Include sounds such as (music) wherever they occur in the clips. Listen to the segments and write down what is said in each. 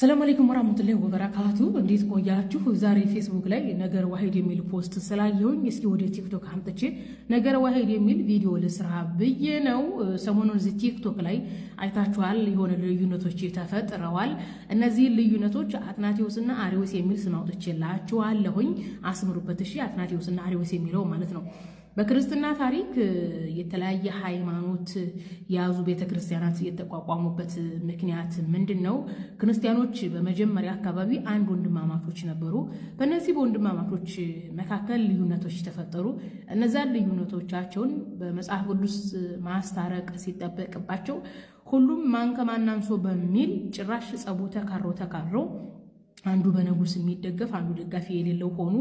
ሰላም አለይኩም ወራህመቱላሂ ወበረካቱ። እንዴት ቆያችሁ? ዛሬ ፌስቡክ ላይ ነገር ዋሂድ የሚል ፖስት ስላየሁኝ እስኪ ወደ ቲክቶክ አምጥቼ ነገር ዋሂድ የሚል ቪዲዮ ልስራ ብዬ ነው። ሰሞኑን እዚህ ቲክቶክ ላይ አይታችኋል፣ የሆነ ልዩነቶች ተፈጥረዋል። እነዚህ ልዩነቶች አትናቴዎስና አሪዎስ የሚል ስም አውጥቼላችኋለሁኝ። አስምሩበት። እሺ አትናቴዎስና አሪዎስ የሚለው ማለት ነው በክርስትና ታሪክ የተለያየ ሃይማኖት የያዙ ቤተክርስቲያናት የተቋቋሙበት ምክንያት ምንድን ነው? ክርስቲያኖች በመጀመሪያ አካባቢ አንድ ወንድማማቾች ነበሩ። በእነዚህ በወንድማማቾች መካከል ልዩነቶች ተፈጠሩ። እነዛን ልዩነቶቻቸውን በመጽሐፍ ቅዱስ ማስታረቅ ሲጠበቅባቸው ሁሉም ማን ከማን አንሶ በሚል ጭራሽ ጸቡ ተካሮ ተካሮ አንዱ በንጉስ የሚደገፍ አንዱ ደጋፊ የሌለው ሆኑ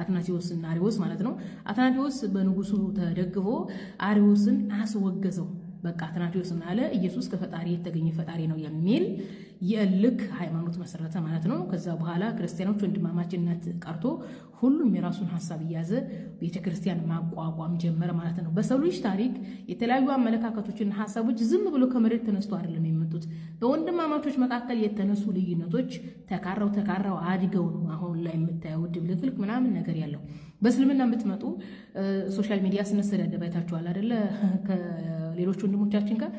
አትናቴዎስ እና አሪዎስ ማለት ነው። አትናቴዎስ በንጉሱ ተደግፎ አሪዎስን አስወገዘው። በቃ አትናቴዎስ አለ ኢየሱስ ከፈጣሪ የተገኘ ፈጣሪ ነው የሚል የእልክ ሃይማኖት መሰረተ ማለት ነው። ከዛ በኋላ ክርስቲያኖች ወንድማማችነት ቀርቶ ሁሉም የራሱን ሀሳብ እያዘ ቤተክርስቲያን ማቋቋም ጀመረ ማለት ነው። በሰው ልጅ ታሪክ የተለያዩ አመለካከቶችና ሀሳቦች ዝም ብሎ ከመሬት ተነስቶ አይደለም የመጡት። በወንድማማቾች መካከል የተነሱ ልዩነቶች ተካረው ተካረው አድገው ነው አሁን ላይ የምታየው ድብልቅልቅ ምናምን ነገር ያለው። በእስልምና የምትመጡ ሶሻል ሚዲያ ስንሰዳደብ ያደባይታችኋል አደለ ሌሎች ወንድሞቻችን ጋር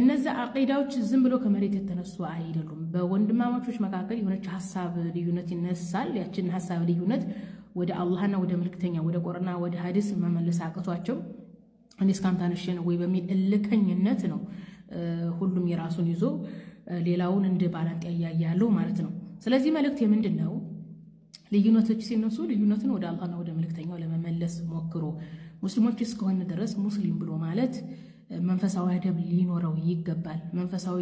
እነዚ አቂዳዎች ዝም ብሎ ከመሬት የተነሱ አይደሉም። በወንድማማቾች መካከል የሆነች ሀሳብ ልዩነት ይነሳል። ያችን ሀሳብ ልዩነት ወደ አላህና ወደ ምልክተኛ ወደ ቆርና ወደ ሀዲስ መመለስ አቅቷቸው እንዲ ነው ወይ በሚል እልከኝነት ነው ሁሉም የራሱን ይዞ ሌላውን እንደ ባላንጣ ያያለው ማለት ነው። ስለዚህ መልእክት የምንድን ነው? ልዩነቶች ሲነሱ ልዩነትን ወደ አላህና ወደ ምልክተኛው ለመመለስ ሞክሮ ሙስሊሞች እስከሆነ ድረስ ሙስሊም ብሎ ማለት መንፈሳዊ አደብ ሊኖረው ይገባል። መንፈሳዊ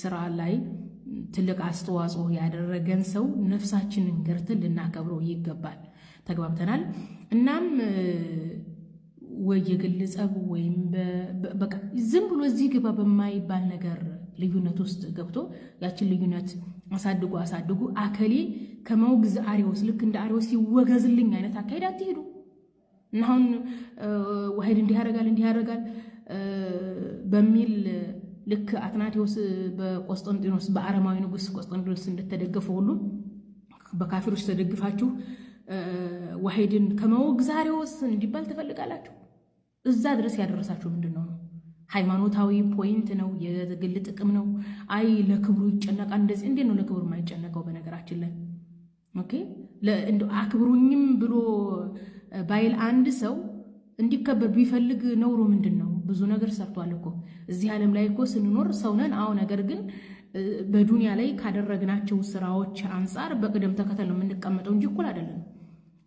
ስራ ላይ ትልቅ አስተዋጽኦ ያደረገን ሰው ነፍሳችንን ገርተን ልናከብረው ይገባል። ተግባብተናል። እናም ወይ የግል ጸብ ወይም በቃ ዝም ብሎ እዚህ ግባ በማይባል ነገር ልዩነት ውስጥ ገብቶ ያችን ልዩነት አሳድጉ አሳድጉ አከሌ ከመውግዝ አሪዎስ ልክ እንደ አሪዎስ ይወገዝልኝ አይነት አካሄድ አትሄዱ። እና አሁን ዋሂድ እንዲህ ያደርጋል እንዲህ ያደርጋል በሚል ልክ አትናቴዎስ በቆስጠንጢኖስ በአረማዊ ንጉስ ቆስጠንጢኖስ እንደተደገፈ ሁሉ በካፊሮች ተደግፋችሁ ዋሂድን ከመወግ ዛሬውስ እንዲባል ትፈልጋላችሁ። እዛ ድረስ ያደረሳችሁ ምንድን ነው? ሃይማኖታዊ ፖይንት ነው? የግል ጥቅም ነው? አይ ለክብሩ ይጨነቃል። እንደዚህ እንዴት ነው ለክብሩ የማይጨነቀው? በነገራችን ላይ ኦኬ አክብሩኝም ብሎ ባይል አንድ ሰው እንዲከበር ቢፈልግ ነውሩ ምንድን ነው? ብዙ ነገር ሰርቷል እኮ እዚህ ዓለም ላይ እኮ ስንኖር ሰውነን። አዎ ነገር ግን በዱንያ ላይ ካደረግናቸው ስራዎች አንጻር በቅደም ተከተል ነው የምንቀመጠው እንጂ እኩል አይደለም።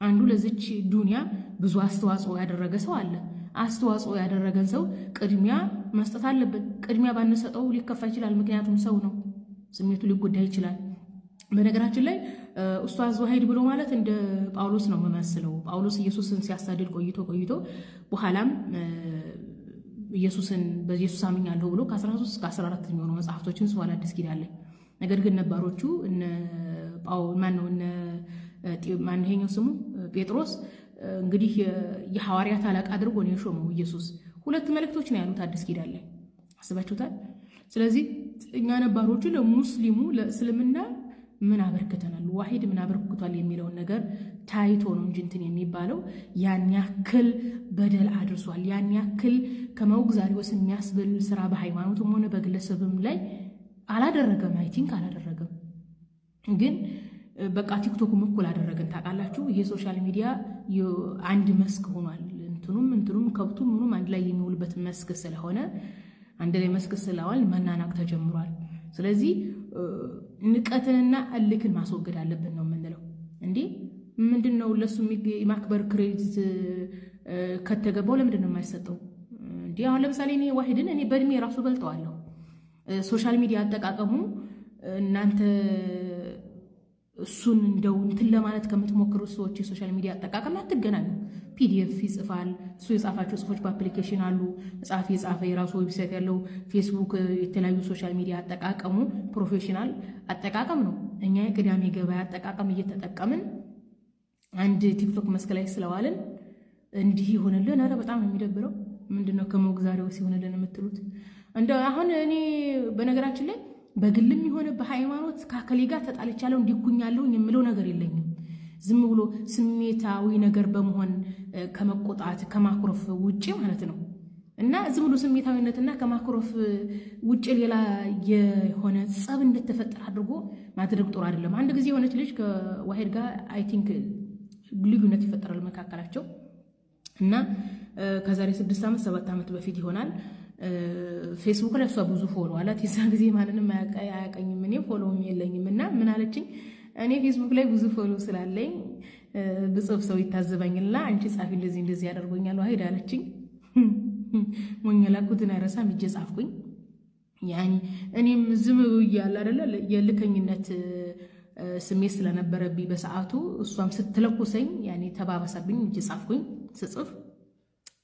አንዱ ለዚች ዱንያ ብዙ አስተዋጽኦ ያደረገ ሰው አለ። አስተዋጽኦ ያደረገን ሰው ቅድሚያ መስጠት አለበት ቅድሚያ ባንሰጠው ሊከፋ ይችላል። ምክንያቱም ሰው ነው፣ ስሜቱ ሊጎዳ ይችላል። በነገራችን ላይ ኡስታዝ ዋሂድ ብሎ ማለት እንደ ጳውሎስ ነው የምመስለው። ጳውሎስ ኢየሱስን ሲያሳድድ ቆይቶ ቆይቶ በኋላም ኢየሱስን በኢየሱስ አምኛለሁ ብሎ ከ13 እስከ 14 የሚሆኑ መጽሐፍቶችን ጽፏል አዲስ ኪዳን ላይ። ነገር ግን ነባሮቹ እነ ስሙ ጴጥሮስ እንግዲህ የሐዋርያት አለቃ አድርጎ ነው የሾመው ኢየሱስ። ሁለት መልእክቶች ነው ያሉት አዲስ ኪዳን ላይ አስባችሁታል። ስለዚህ እኛ ነባሮቹ ለሙስሊሙ ለእስልምና ምን አበርክተናል፣ ዋሂድ ምን አበርክቷል የሚለውን ነገር ታይቶ ነው እንጂ እንትን የሚባለው ያን ያክል በደል አድርሷል፣ ያን ያክል ከመውግዛሪ ወስ የሚያስብል ስራ በሃይማኖትም ሆነ በግለሰብም ላይ አላደረገም። አይ ቲንክ አላደረገም። ግን በቃ ቲክቶክም እኩል አደረገን። ታውቃላችሁ፣ ይሄ ሶሻል ሚዲያ አንድ መስክ ሆኗል። እንትኑም እንትኑም ከብቱም ምኑም አንድ ላይ የሚውልበት መስክ ስለሆነ አንድ ላይ መስክ ስለዋል መናናቅ ተጀምሯል። ስለዚህ ንቀትንና እልክን ማስወገድ አለብን ነው የምንለው። እንዴ ምንድን ነው ለሱ የማክበር ክሬዲት ከተገባው ለምንድን ነው የማይሰጠው? እንዲ አሁን ለምሳሌ እኔ ዋሂድን እኔ በእድሜ ራሱ በልጠዋለሁ። ሶሻል ሚዲያ አጠቃቀሙ እናንተ እሱን እንደው እንትን ለማለት ከምትሞክሩ ሰዎች የሶሻል ሚዲያ አጠቃቀም አትገናኙ። ፒዲኤፍ ይጽፋል እሱ የጻፋቸው ጽፎች በአፕሊኬሽን አሉ። መጽሐፍ የጻፈ የራሱ ዌብሳይት ያለው ፌስቡክ፣ የተለያዩ ሶሻል ሚዲያ አጠቃቀሙ ፕሮፌሽናል አጠቃቀም ነው። እኛ የቅዳሜ ገበያ አጠቃቀም እየተጠቀምን አንድ ቲክቶክ መስክ ላይ ስለዋልን እንዲህ ይሆንልን። ኧረ በጣም ነው የሚደብረው። ምንድነው ከሞግ ሲሆንልን የምትሉት? እንደ አሁን እኔ በነገራችን ላይ በግልም የሆነ በሃይማኖት ከአከሌ ጋር ተጣልቻለሁ እንዲኩኛለሁኝ የምለው ነገር የለኝም። ዝም ብሎ ስሜታዊ ነገር በመሆን ከመቆጣት ከማኩረፍ ውጭ ማለት ነው። እና ዝም ብሎ ስሜታዊነትና ከማኩረፍ ውጭ ሌላ የሆነ ጸብ እንደተፈጠረ አድርጎ ማድረግ ጥሩ አይደለም። አንድ ጊዜ የሆነች ልጅ ከዋሄድ ጋር አይ ቲንክ ልዩነት ይፈጠራል መካከላቸው እና ከዛሬ ስድስት ዓመት ሰባት ዓመት በፊት ይሆናል ፌስቡክ ላይ እሷ ብዙ ፎሎ አላት። የዛ ጊዜ ማንንም አያቀኝም፣ እኔ ፎሎውም የለኝም እና ምን አለችኝ፣ እኔ ፌስቡክ ላይ ብዙ ፎሎ ስላለኝ ብጽፍ ሰው ይታዘበኝና አንቺ ጻፊ እንደዚህ እንደዚህ ያደርጎኛል ሄድ አለችኝ። ሞኝ አይረሳም እጄ ጻፍኩኝ። ያኔ እኔም ዝም ብያለሁ አይደለ የልከኝነት ስሜት ስለነበረብኝ በሰዓቱ እሷም ስትለኩሰኝ ያኔ ተባባሰብኝ። እጄ ጻፍኩኝ ስጽፍ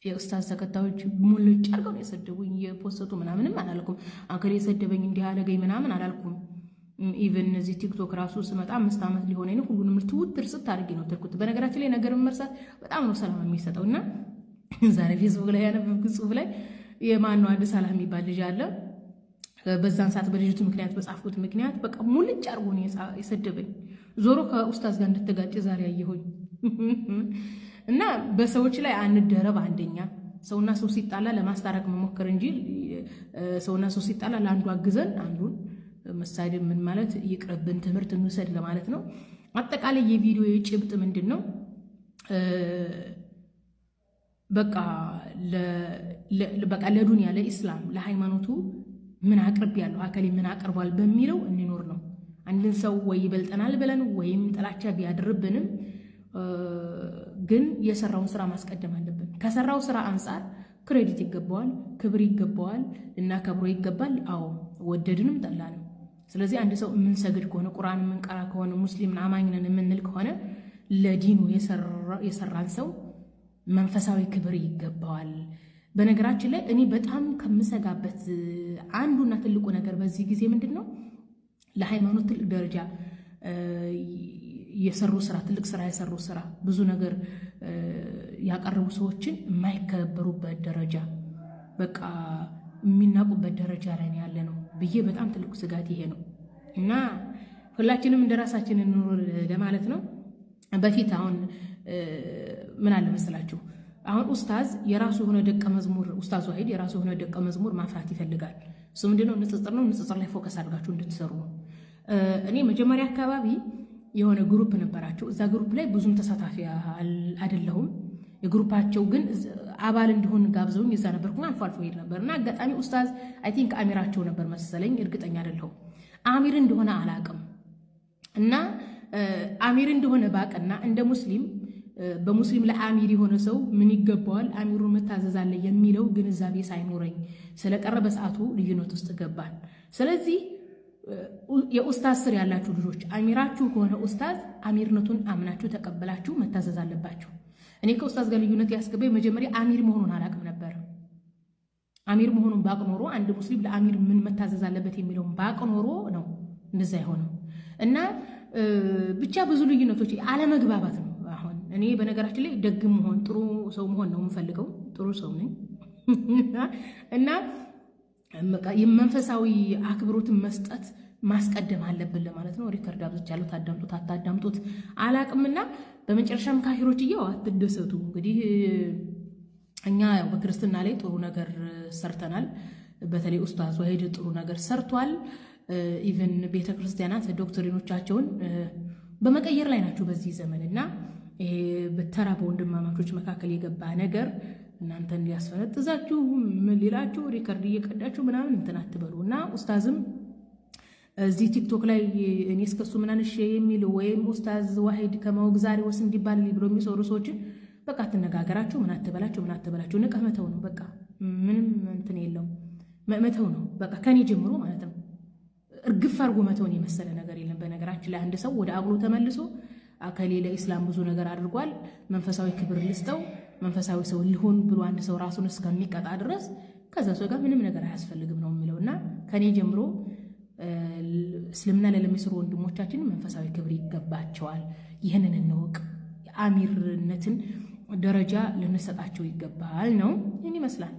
የኡስታዝ ተከታዮች ሙልጭ አድርገው ነው የሰደቡኝ። የፖሰቱ ምናምንም አላልኩም። አገር የሰደበኝ እንዲህ አለገኝ ምናምን አላልኩም። ኢቨን እዚህ ቲክቶክ ራሱ ስመጣ አምስት ዓመት ሊሆነ ነው። ሁሉንም ትውትር ስታደርጊ ነው ትርኩት። በነገራችን ላይ ነገር መርሳት በጣም ነው ሰላም የሚሰጠው እና ዛሬ ፌስቡክ ላይ ያነበብኩ ጽሁፍ ላይ የማን ነው አንድ ሰላም የሚባል ልጅ አለ በዛን ሰዓት በልጅቱ ምክንያት በጻፍኩት ምክንያት በቃ ሙልጭ አድርጎ ነው የሰደበኝ። ዞሮ ከኡስታዝ ጋር እንደተጋጨ ዛሬ አየሆኝ። እና በሰዎች ላይ አንደረብ። አንደኛ ሰውና ሰው ሲጣላ ለማስታረቅ መሞከር እንጂ ሰውና ሰው ሲጣላ ለአንዱ አግዘን አንዱን መሳደብ ምን ማለት ይቅርብን፣ ትምህርት እንውሰድ ለማለት ነው። አጠቃላይ የቪዲዮ ጭብጥ ምንድን ነው? በቃ ለዱንያ ለኢስላም ለሃይማኖቱ ምን አቅርብ ያለው አካሌ ምን አቅርቧል በሚለው እንኖር ነው። አንድን ሰው ወይ ይበልጠናል ብለን ወይም ጥላቻ ቢያድርብንም ግን የሰራውን ስራ ማስቀደም አለብን። ከሰራው ስራ አንጻር ክሬዲት ይገባዋል፣ ክብር ይገባዋል፣ ልናከብሮ ይገባል። አዎ ወደድንም ጠላንም። ስለዚህ አንድ ሰው የምንሰግድ ከሆነ ቁርአን የምንቀራ ከሆነ ሙስሊም አማኝነን የምንል ከሆነ ለዲኑ የሰራን ሰው መንፈሳዊ ክብር ይገባዋል። በነገራችን ላይ እኔ በጣም ከምሰጋበት አንዱና ትልቁ ነገር በዚህ ጊዜ ምንድን ነው ለሃይማኖት ትልቅ ደረጃ የሰሩ ስራ ትልቅ ስራ የሰሩ ስራ ብዙ ነገር ያቀረቡ ሰዎችን የማይከበሩበት ደረጃ በቃ የሚናቁበት ደረጃ ላይ ያለ ነው ብዬ በጣም ትልቁ ስጋት ይሄ ነው እና ሁላችንም እንደ ራሳችን እንኖር ለማለት ነው። በፊት አሁን ምን አለ መሰላችሁ አሁን ኡስታዝ የራሱ የሆነ ደቀ መዝሙር ኡስታዝ ዋሂድ የራሱ የሆነ ደቀ መዝሙር ማፍራት ይፈልጋል። እሱ ምንድነው ንጽጽር ነው። ንጽጽር ላይ ፎከስ አድርጋችሁ እንድትሰሩ ነው። እኔ መጀመሪያ አካባቢ የሆነ ግሩፕ ነበራቸው። እዛ ግሩፕ ላይ ብዙም ተሳታፊ አይደለሁም። የግሩፓቸው ግን አባል እንዲሆን ጋብዘውኝ እዛ ነበር አልፎ አልፎ ሄድ ነበር እና አጋጣሚ ኡስታዝ አይ ቲንክ አሚራቸው ነበር መሰለኝ፣ እርግጠኛ አይደለሁም። አሚር እንደሆነ አላቅም እና አሚር እንደሆነ ባቅና እንደ ሙስሊም በሙስሊም ለአሚር የሆነ ሰው ምን ይገባዋል፣ አሚሩን መታዘዛለ የሚለው ግንዛቤ ሳይኖረኝ ስለቀረ በሰዓቱ ልዩነት ውስጥ ገባል። ስለዚህ የኡስታዝ ስር ያላችሁ ልጆች አሚራችሁ ከሆነ ኡስታዝ አሚርነቱን አምናችሁ ተቀብላችሁ መታዘዝ አለባችሁ። እኔ ከኡስታዝ ጋር ልዩነት ያስገባኝ መጀመሪያ አሚር መሆኑን አላቅም ነበር። አሚር መሆኑን ባቅ ኖሮ አንድ ሙስሊም ለአሚር ምን መታዘዝ አለበት የሚለውን ባቅ ኖሮ ነው እንደዛ አይሆንም። እና ብቻ ብዙ ልዩነቶች አለመግባባት ነው። አሁን እኔ በነገራችን ላይ ደግ መሆን ጥሩ ሰው መሆን ነው የምፈልገው። ጥሩ ሰው ነኝ (laughs) እና መንፈሳዊ አክብሮትን መስጠት ማስቀደም አለብን ለማለት ነው። ሪከርድ አብዝቻለሁ። አዳምጡት አታዳምጡት አላቅምና፣ በመጨረሻም ካሂሮች እየው አትደሰቱ። እንግዲህ እኛ በክርስትና ላይ ጥሩ ነገር ሰርተናል። በተለይ ኡስታዝ ወሂድ ጥሩ ነገር ሰርቷል። ኢቨን ቤተ ክርስቲያናት ዶክትሪኖቻቸውን በመቀየር ላይ ናቸው በዚህ ዘመን እና ይሄ በተራ በወንድማማቾች መካከል የገባ ነገር እናንተ እንዲያስፈነጥዛችሁ ምን ሊላችሁ ሪከርድ እየቀዳችሁ ምናምን እንትን አትበሉ እና ኡስታዝም እዚህ ቲክቶክ ላይ እኔ እስከሱ ምናንሽ የሚል ወይም ኡስታዝ ዋሂድ ከማወቅ ዛሬ ወስ እንዲባል ብሎ የሚሰሩ ሰዎችን በቃ አትነጋገራቸው፣ ምን አትበላችሁ፣ ምን አትበላችሁ። ንቀህ መተው ነው በቃ ምንም እንትን የለው መተው ነው በቃ ከኔ ጀምሮ ማለት ነው። እርግፍ አድርጎ መተውን የመሰለ ነገር የለም። በነገራችን ላይ አንድ ሰው ወደ አብሮ ተመልሶ አከሌ ለኢስላም ብዙ ነገር አድርጓል፣ መንፈሳዊ ክብር ልስጠው መንፈሳዊ ሰው ሊሆን ብሎ አንድ ሰው ራሱን እስከሚቀጣ ድረስ ከዛ ሰው ጋር ምንም ነገር አያስፈልግም ነው የሚለው እና ከኔ ጀምሮ እስልምና ለለሚስሩ ወንድሞቻችን መንፈሳዊ ክብር ይገባቸዋል። ይህንን እንወቅ። የአሚርነትን ደረጃ ልንሰጣቸው ይገባል ነው ይህን ይመስላል።